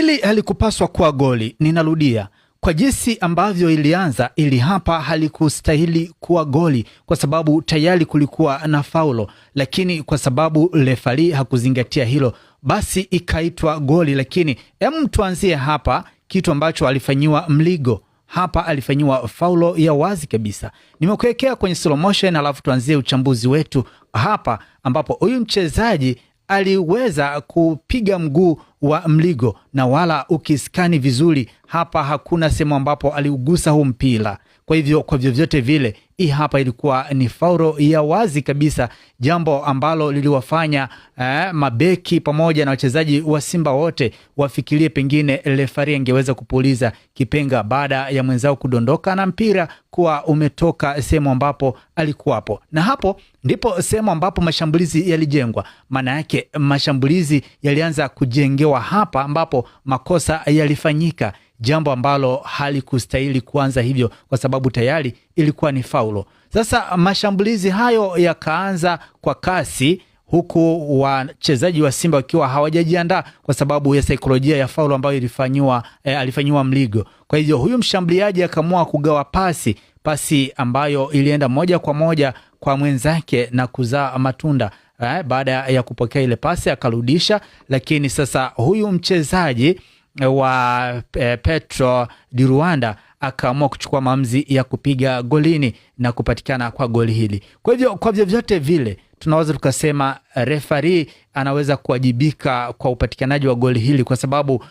Hili halikupaswa kuwa goli, ninarudia kwa jinsi ambavyo ilianza, ili hapa halikustahili kuwa goli kwa sababu tayari kulikuwa na faulo, lakini kwa sababu refari hakuzingatia hilo, basi ikaitwa goli. Lakini em tuanzie hapa, kitu ambacho alifanyiwa Mligo. Hapa alifanyiwa faulo ya wazi kabisa. Nimekuwekea kwenye slow motion, alafu tuanzie uchambuzi wetu hapa, ambapo huyu mchezaji aliweza kupiga mguu wa Mligo, na wala ukiskani vizuri hapa, hakuna sehemu ambapo aliugusa huu mpira. Kwa hivyo kwa vyovyote vile hii hapa ilikuwa ni fauro ya wazi kabisa, jambo ambalo liliwafanya eh, mabeki pamoja na wachezaji wa Simba wote wafikirie pengine refari angeweza kupuliza kipenga baada ya mwenzao kudondoka na mpira kuwa umetoka sehemu ambapo alikuwapo, na hapo ndipo sehemu ambapo mashambulizi yalijengwa. Maana yake mashambulizi yalianza kujengewa hapa ambapo makosa yalifanyika jambo ambalo halikustahili kuanza hivyo, kwa sababu tayari ilikuwa ni faulo. Sasa mashambulizi hayo yakaanza kwa kasi huku wachezaji wa Simba wakiwa hawajajiandaa kwa sababu ya saikolojia ya faulo ambayo ilifanyiwa e, alifanyiwa Mligo. Kwa hivyo huyu mshambuliaji akaamua kugawa pasi, pasi ambayo ilienda moja kwa moja kwa mwenzake na kuzaa matunda e, baada ya kupokea ile pasi akarudisha, lakini sasa huyu mchezaji wa eh, Petro di Rwanda akaamua kuchukua maamuzi ya kupiga golini na kupatikana kwa goli hili. Kwa hivyo kwa vyovyote vile tunaweza tukasema refari anaweza kuwajibika kwa upatikanaji wa goli hili kwa sababu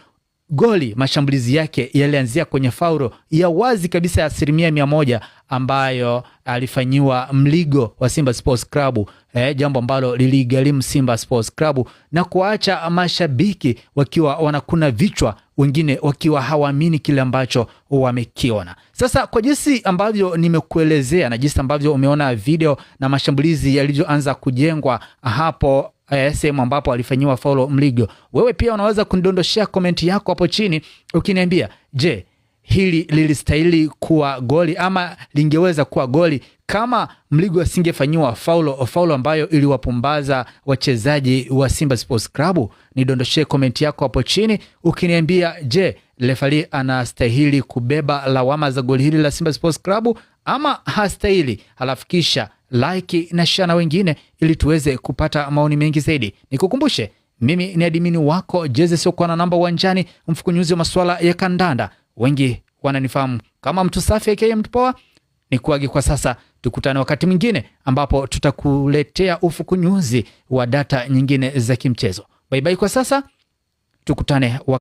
goli mashambulizi yake yalianzia kwenye faulo ya wazi kabisa ya asilimia mia moja ambayo alifanyiwa mligo wa Simba Sports Club eh, jambo ambalo liligharimu Simba Sports Club na kuacha mashabiki wakiwa wanakuna vichwa, wengine wakiwa hawaamini kile ambacho wamekiona. Sasa kwa jinsi ambavyo nimekuelezea na jinsi ambavyo umeona video na mashambulizi yalivyoanza kujengwa hapo eh, sehemu ambapo alifanyiwa faulo Mligo. Wewe pia unaweza kundondoshea komenti yako hapo chini ukiniambia, je, hili lilistahili kuwa goli ama lingeweza kuwa goli kama Mligo asingefanyiwa faulo, faulo ambayo iliwapumbaza wachezaji wa Simba Sports Club? Nidondoshee komenti yako hapo chini ukiniambia, je, refari anastahili kubeba lawama za goli hili la Simba Sports Club ama hastahili, halafu kisha like na share na wengine, ili tuweze kupata maoni mengi zaidi. Nikukumbushe, mimi ni adimini wako Jeze Siokuwa na namba uwanjani, mfukunyuzi wa masuala ya kandanda. Wengi wananifahamu kama mtu safi aka mtupoa ni Nikuage kwa sasa, tukutane wakati mwingine ambapo tutakuletea ufukunyuzi wa data nyingine za kimchezo. Baibai kwa sasa, tukutane wakati